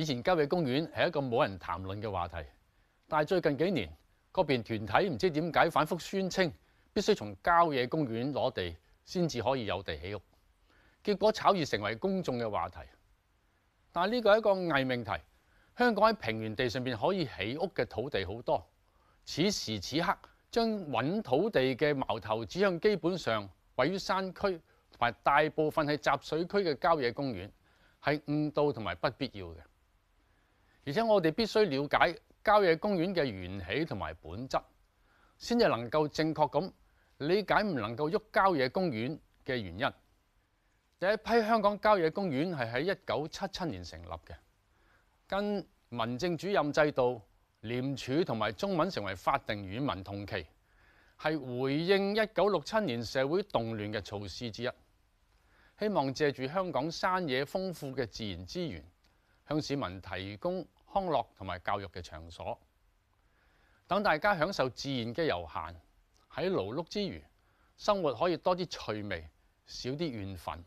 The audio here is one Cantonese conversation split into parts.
以前郊野公園係一個冇人談論嘅話題，但係最近幾年各邊團體唔知點解反覆宣稱必須從郊野公園攞地先至可以有地起屋，結果炒熱成為公眾嘅話題。但係呢個係一個偽命題，香港喺平原地上面可以起屋嘅土地好多。此時此刻將揾土地嘅矛頭指向基本上位於山區同埋大部分係集水區嘅郊野公園，係誤導同埋不必要嘅。而且我哋必須了解郊野公園嘅源起同埋本質，先至能夠正確咁理解唔能夠喐郊野公園嘅原因。第一批香港郊野公園係喺一九七七年成立嘅，跟民政主任制度、廉署同埋中文成為法定語文同期，係回應一九六七年社會動亂嘅措施之一，希望借住香港山野豐富嘅自然資源，向市民提供康樂同埋教育嘅場所，等大家享受自然嘅悠閒。喺勞碌之餘，生活可以多啲趣味，少啲怨憤。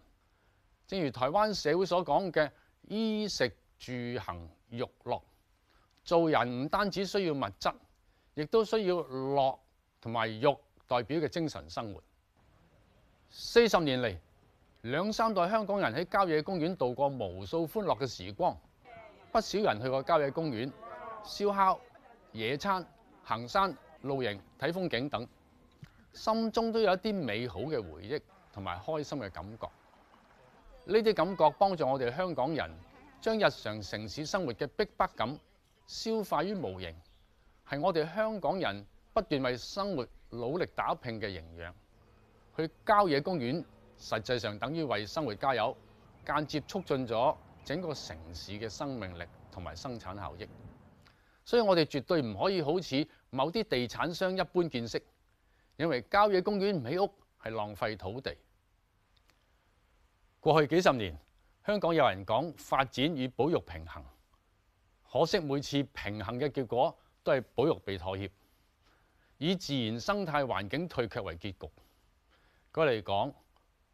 正如台灣社會所講嘅衣食住行、育樂，做人唔單止需要物質，亦都需要樂同埋育代表嘅精神生活。四十年嚟，兩三代香港人喺郊野公園度過無數歡樂嘅時光。不少人去過郊野公園燒烤、野餐、行山、露營、睇風景等，心中都有一啲美好嘅回憶同埋開心嘅感覺。呢啲感覺幫助我哋香港人將日常城市生活嘅逼迫感消化於無形，係我哋香港人不斷為生活努力打拼嘅營養。去郊野公園實際上等於為生活加油，間接促進咗整個城市嘅生命力同埋生產效益，所以我哋絕對唔可以好似某啲地產商一般見識，認為郊野公園唔起屋係浪費土地。過去幾十年，香港有人講發展與保育平衡，可惜每次平衡嘅結果都係保育被妥協，以自然生態環境退卻為結局。佢嚟講，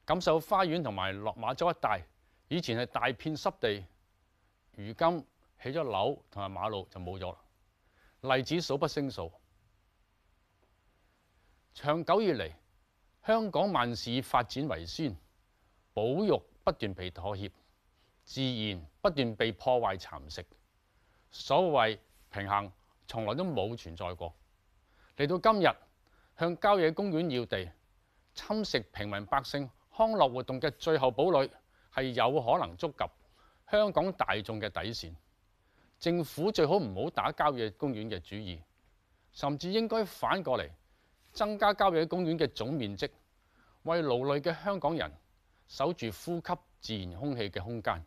錦繡花園同埋落馬洲一帶，以前係大片濕地，如今起咗樓同埋馬路就冇咗。例子數不勝數，長久以嚟，香港萬事發展為先，保育不斷被妥協，自然不斷被破壞蠶食。所謂平衡從來都冇存在過。嚟到今日，向郊野公園要地侵蝕平民百姓康樂活動嘅最後堡壘。係有可能觸及香港大眾嘅底線，政府最好唔好打郊野公園嘅主意，甚至應該反過嚟增加郊野公園嘅總面積，為勞累嘅香港人守住呼吸自然空氣嘅空間。